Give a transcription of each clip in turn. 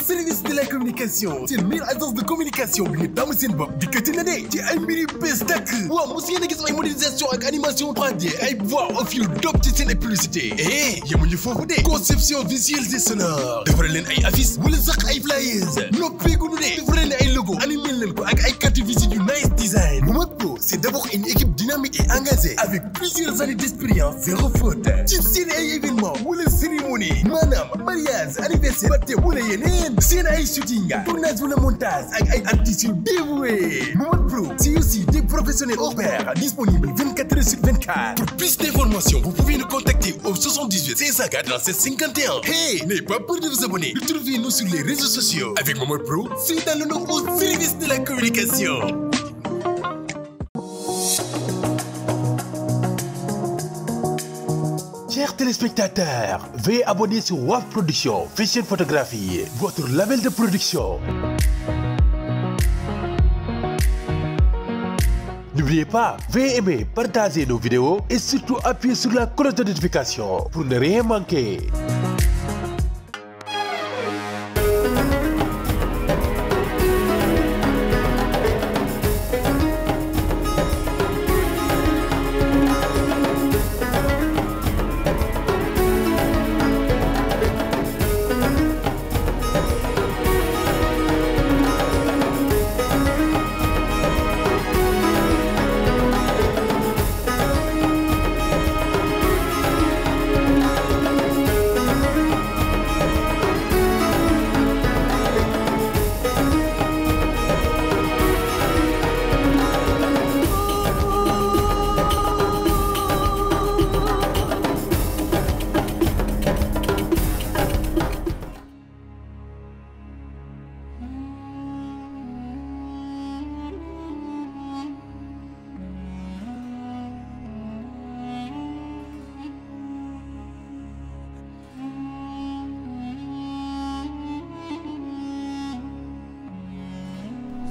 service de la communication seen meilleure agence de communication bi ngeen taamu seen bopp dikkati de ci ay mbir yu bees tàkk waaw mos ngeen a gis ay modélisation ak animation 3D ay voix off yu dop ci seen ay publicité eh yemuñu foofu de conception visuelle et sonore defare leen ay avis. wala sax ay flyers pays de defare leen ay logo animé leen ko ak ay carte visite du nice design bu mag c'est d'abord une équipe et engagé avec plusieurs années d'expérience zéro faute ci série ay ou les cérémonie Madame, mariage anniversaire baptême wala yeneen seen ay shooting tournage le montage avec un artistes dévoué. dévoués Pro c'est aussi des professionnels au pair disponibles 24 heures sur 24 pour plus d'informations vous pouvez nous contacter au 78 504 651. 51 hey n'ayez pas peur de vous abonner retrouvez-nous sur les réseaux sociaux avec Momad Pro c'est dans le nom au service de la communication Spectateurs, veuillez abonner sur WAF Production, Fashion Photographie, votre label de production. N'oubliez pas, veuillez aimer, partager nos vidéos et surtout appuyer sur la cloche de notification pour ne rien manquer.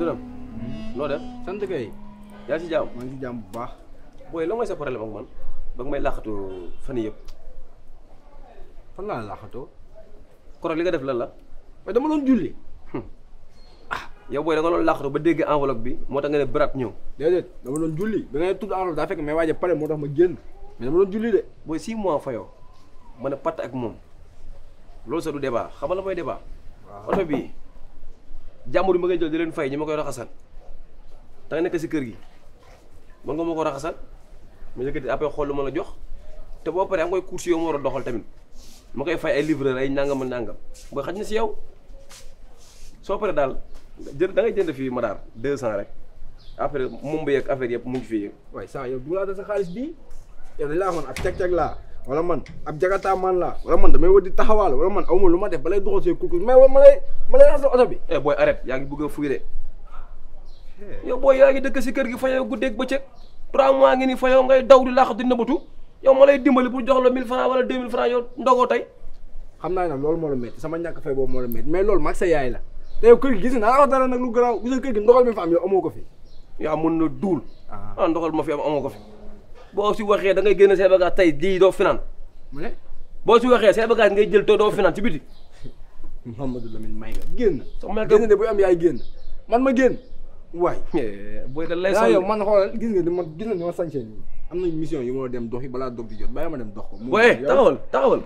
Sulam hmm. lo def sant kay eh? ya ci jam maa ngi ci jàmm bu baax booy la mooy sa problème ak man ba nga may laaxatu fan yëpp fan laa laaxatoo koro li nga def lan la mais dama doon julli ah yow booy da nga doon laaxatu ba dégg enveloppe bi moo tax nga ne brat ñëw déedéet dama doon julli bi ngay tudd enveloppe juli deh. Boy sih pare apa tax ma patah mais dama seru julli de booy six mois fayoo ma ne ak sa du débat débat jàmbur yi ma koy jël di fay ñi ma koy raxasal da nga nekk si kër gi mën nga ma ko raxasal ma yëkkati après xool lu ma la jox te boo paree am ngay course yow ma war a doxal tamit ma koy fay ay livreur ay nangam ak nangam booy xaj na si yow soo paree daal jël da ngay jënd fii madaar deux cent rek après mu ba yeeg affaire yëpp mu ngi fii. waaye saa yow du laa da sa xaalis bii yow dañ laa xoon ak teg-teg laa. wala man ab jagataa man la wala man damay wër di taxawaal wala man awma lu ma def balay doxal see kurkur mais ma lay ma lay raxas oto bi eh booy arrête yaa eh. yow booy yaa ngi dëkk si kër gi fayoo guddeeg bëccëg trois mois ngi ni fayoo ngay daw di laax di nëbbatu yow ma lay dimbali pour jox la mille francs wala deux mille francs yow ndogoo tey xam naa loolu moo la sama ñàkk fay boobu moo la mais loolu mag sa yaay la te yow kër gi gis naa wax dara nag lu garaaw gis nga kër gi ndoxal mi fa am yow amoo ko fi yaa mën na duul ah. ah ndoxal ma fi am amoo ko fi boo si waxee da ngay génn say bagage tey di doo finaan mu ne boo si waxee say bagage ngay jël te doo finaan si biti Mouhamadou Lamine may nga génn soxna génn de bu am yaay génn man ma génn waay eh, booy da lay yow man xoolal gis ne ma gis nga ni ma nii am nañ mission yu moo dem dox yi balaa dog di jot bàyyi ma dem dox ko waaye taxawal taxawal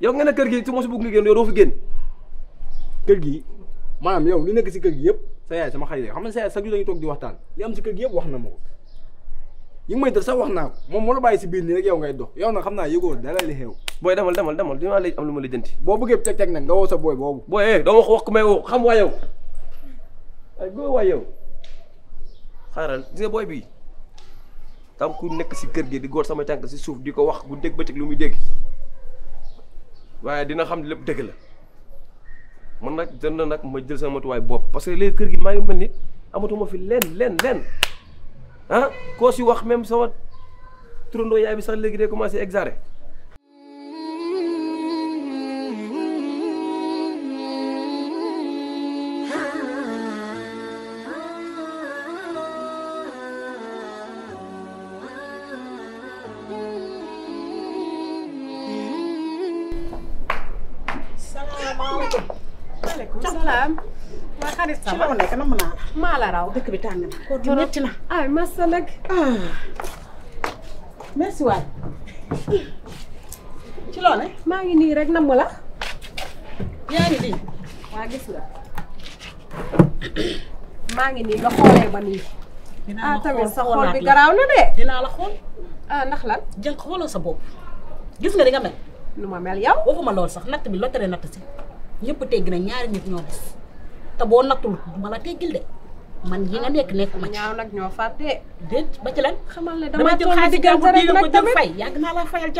yow nga ne kër gi su ma si bëgg nga génn yow doo fi génn kër gi maanaam yow li nekk si kër gi yëpp sa yaay sama xarit xam nga sa yaay sax dañuy toog di waxtaan li am kër yëpp wax na ma ko yi ngi may def sa wax naa ko moom moo la bàyyi si biir nii rek yow ngay dox yow nag xam naa yëgoo dara li xew booy demal demal demal dinaa lay am lu ma la jënti boo bëggee teg teg nag nga woo sa booy boobu booy eh doo wax wax ku may woo xam waa yow ay goo waa yow xaaral gis nga booy bii tam ku nekk si kër gi di góor sama tànk si suuf di ko wax bu dégg bëccëg lu muy dégg waaye dina xam lépp dëgg la man nag jënd nag ma jël sa matuwaay bopp parce que léegi kër gi maa ngi mel ni amatuma fi lenn lenn lenn ah koo si wax même sama turandoo yaay bi sax léegi day commencé exagérer xarit ci loo nekk na mu naa maa na. kóor gi métti ci loo maa ngi nii rek namm la. yaa ngi nii. waa gis nga. maa ngi nii nga xoolee ba nii. ah tamit na de. dinaa la xool. Ah, ndax lan. jël xoolal sa bopp. gis nga ni mel. nu ma mel yow. waxuma lool sax natt bi lottare natt si. ñëpp tegg na ñaari nit ñoo des. te nak nattul duma la teggil de man yi nga nek nek ma ñaaw nak ño faté déet ba ci lan xamal ne dama jox xadi gam bii nga ko jox fay yag na la fayal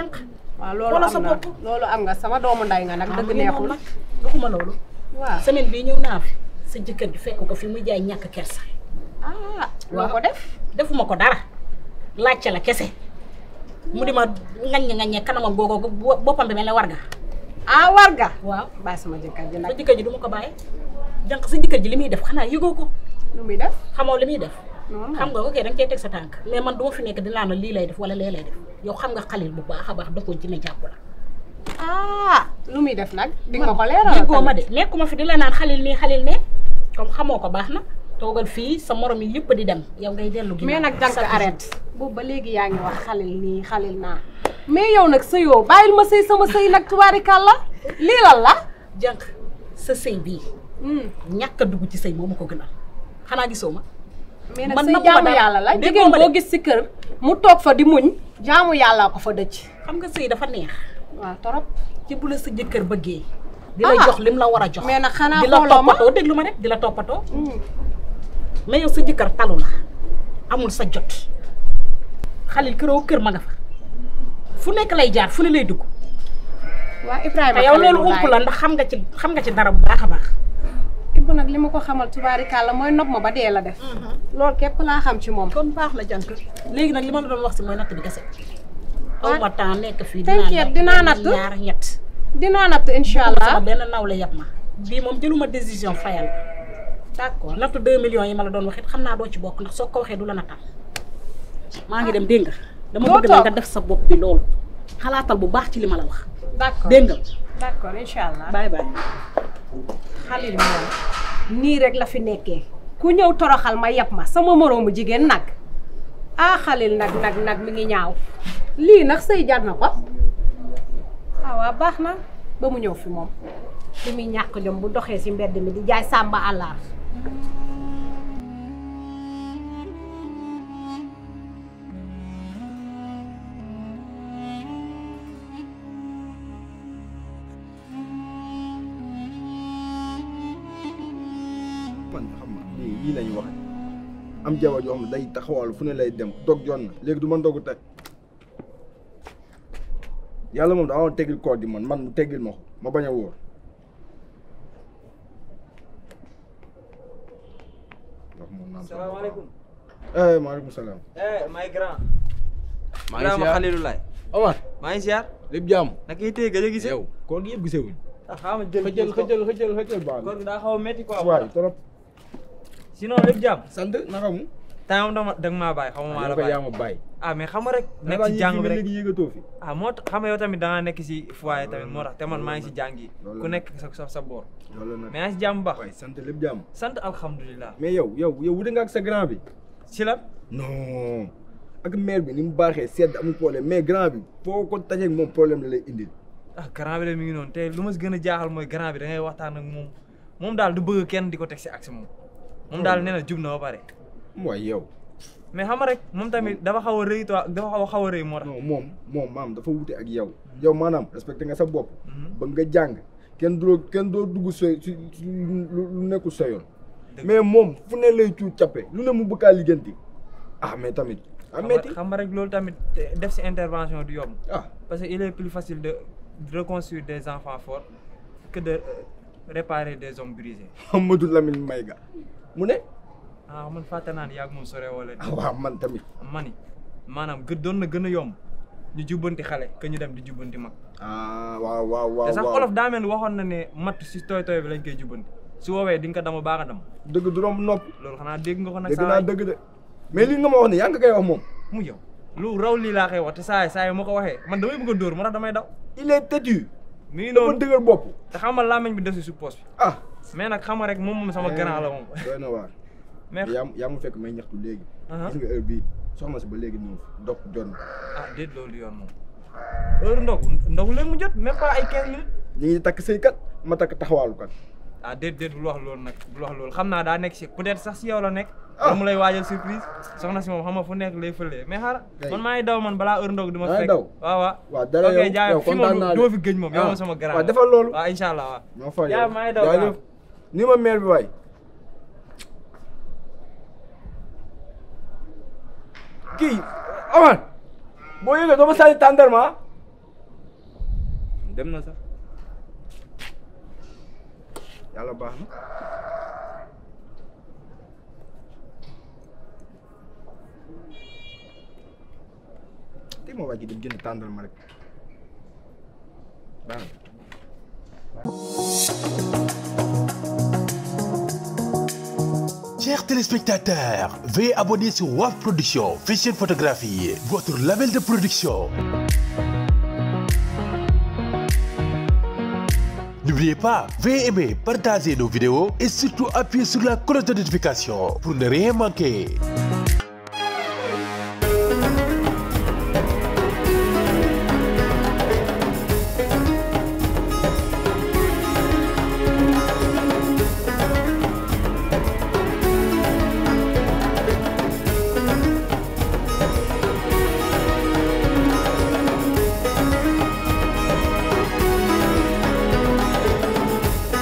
wa ah, lolu wala sa bop lolu am nga sama doomu nday nga nak deug neexul nag waxuma loolu waaw semaine bi ñëw naa fi sa jëkkeer ji fekk ko fi mu jaay ñak kersa ah loo ko def defuma ko dara laacc la kese mu di ma ngagne kanam ak gogo bopam bi melni warga ah warga wa ba sama jëkkeer ji nak jëkkeer ji duma ko baye jànq sa jëkkër ji li muy def xanaa yëgoo ko. lu muy def xamoo li muy def. xam nga ko kay teg sa tànk. mais man du fi nekk dinaa ne lii lay def wala lee lay def yow xam nga xalil bu baax a baax daf ko jëlee jàpp la. ah lu muy def nag. di nga ko leeral déggoo ma de nekkuma fi di la naan xalil nii xalil ne comme xamoo ko baax na. toogal fii sa moroom yi yëpp di dem yow ngay dellu gi mais nag jànk arrête boobu ba léegi yaa ngi wax xalil nii xalil naa mais yow nag sëyoo bàyyil ma sëy sama sëy nag tubaarikàlla lii lan la jànq sa sëy bii Mm. ñàkk a dugg ci sëy moom ko gënal xanaa gisoo ma. mais nag say jaamu yàlla la jigéen boo gis si kër mu toog fa di muñ jaamu yàllaa ko fa dëcc. xam nga sëy dafa neex. waaw torop ci bu la sa jëkkër bëggee. Ah. di la jox lim la war a jox. mais nag xanaa xooloo ma di la toppatoo déglu ma rek di la toppatoo. mais yow sa jëkkër talu la amul sa jot. xalil këroo kër ma nga fa fu nekk lay jaar fu ne lay dugg. waaw Ibrahima yow loolu ump la ndax xam nga ci xam nga ci dara bu baax a baax. Ibou nag li ma ko xamal tubaarikàlla mooy nopp ma ba dee la def. Mhm. lool képp laa xam ci moom. kon baax na jànk léegi nag li ma la doon wax si mooy natt bi kese. Ah. aw ma temps nekk fii dinaa natt ñaar ñett. dinaa natt incha allah benn nawle yab ma. bii moom jëluma décision fayal. d'accord nattu 2 millions yi ma la doon wax xam naa doo ci bokk ndax soo ko waxee du la nattal. maa ngi dem dégg nga. dama bëgg nga def sa bopp bi loolu. xalaatal bu baax ci li ma la wax. d'accord dégg nga. d'accord incha allah bye xalil moom nii rek la fi nekkee ku ñëw toroxal ma yab ma sama moroomu jigéen nag ah xalil nag nag nag mi ngi ñaaw lii nag sëy jar na ko ah, waaw baax na ba mu ñëw fi moom li muy ñàkk jom bu doxee ci mbedd mi di jaay sàmba àllaar am jabar joo xam day taxawal fu ne lay dem dog joon na léegi du man dogu teg yàlla moom daa teggil koor gi man man mu teggil ma ko ma bañ a wóor salaamaaleykum eh, maaleykum salaam eh, may grand maa ngi Xalilulaay Omar maa ngi ziar lépp jàmm nag yi tey gëj a gisee yow koor gi yëpp gisee wuñ ah, xajal xajal jël xajal baax koor gi daa xaw a métti quoi waaw trop sino lépp jam. sant na kamu? tayam am dong ma bay Kamu ma maa la bay ah mais xam rek. nekk ci jàng rek ah mot. tax xam nga yow tamit da nga nek si foyer tamit moo tax te man ngi si jangi. yi. ku nekk sa sa bor mais as jam ba jàmm baax. waay sant lépp jàmm. sant alhamdulilah. mais yow yow yow wute nga ak sa grand bi. si la. non. ak mère bi ni mu baaxee sedd amu problème mais grand bi ko tajee problème la lay indil. ah grand bi la mi ngi non te lu ma si gën a jaaxal mooy grand bi da ngay waxtaan ak moom du bëgg kenn di ko teg si ak si moom daal nee na jub na ba pare. mooy yow. mais xam nga rek moom tamit dafa xaw a rëy dafa xaw a xaw a rëy moo tax. moom moom maam dafa wute ak yow. yow maanaam respecté nga sa bopp. Mhm. ba nga jàng kenn doo kenn doo dugg sa si lu nekkul sa mais moom fu ne lay tuut cappe lu ne mu bëgg a liggéenti ah mais tamit. ah metti xam nga rek loolu tamit def si intervention du yomb. ah parce que il est plus facile de reconstruire des enfants forts que de euh, réparer des hommes brisés. Amadou Lamine Maïga. mune ah man fatana naa yak mom sore wala ah wa man tamit mani manam maanaam gë doon na gëna yom ñu jubbanti xalé ke ñu dem di jubbanti mak ah wa wa wa da sax olof da mel waxon na ne mat ci toy toy bi lañ koy jubbanti su wowe di nga dama baaga dam dëgg du rom nopp lool xana dégg nga ko nak sa dégg na dëgg de mais li nga ma wax ni yaa nga koy wax mom mu yow lu raw li la koy wax te saa yi saa yi ko waxee man damay bëgg door mo tax damay daw il est têtu mi non dama dëgër bop te xama lamagne bi def si su poos bi ah mais nag xam nga rek moom moom sama eh, grand la moom. doy na waar. mais yaa yaa ma fekk may ñaxtu léegi. Uh-huh. gis nga si ba léegi noonu ndox jot na. ah déet loolu yoon moom heure ndox ndox mu jot même pas ay 15 ngi takk sëy kat ma takk taxawaalu kat. ah déet déet bul wax loolu nag xam naa daa nekk si ku être sax si yow la nekk. ah mu lay waajal surprise soxna si moom xam fu nekk lay fëlee mais xaaral. man maa ngi daw man balaa heure ndox di ma. fekk daw waaw waaw. waaw dara yow yow kontaan ok jaay maa ngi daw Nima Mary White. Ki aman. Boyega doba sani tandar ma. Dem na sax. Yàlla baax na. Tey ma wàcc dem jënd tàndal Chers téléspectateurs, veuillez abonner sur WAF Production, Fashion Photographie, votre label de production. N'oubliez pas, veuillez aimer, partager nos vidéos et surtout appuyer sur la cloche de notification pour ne rien manquer.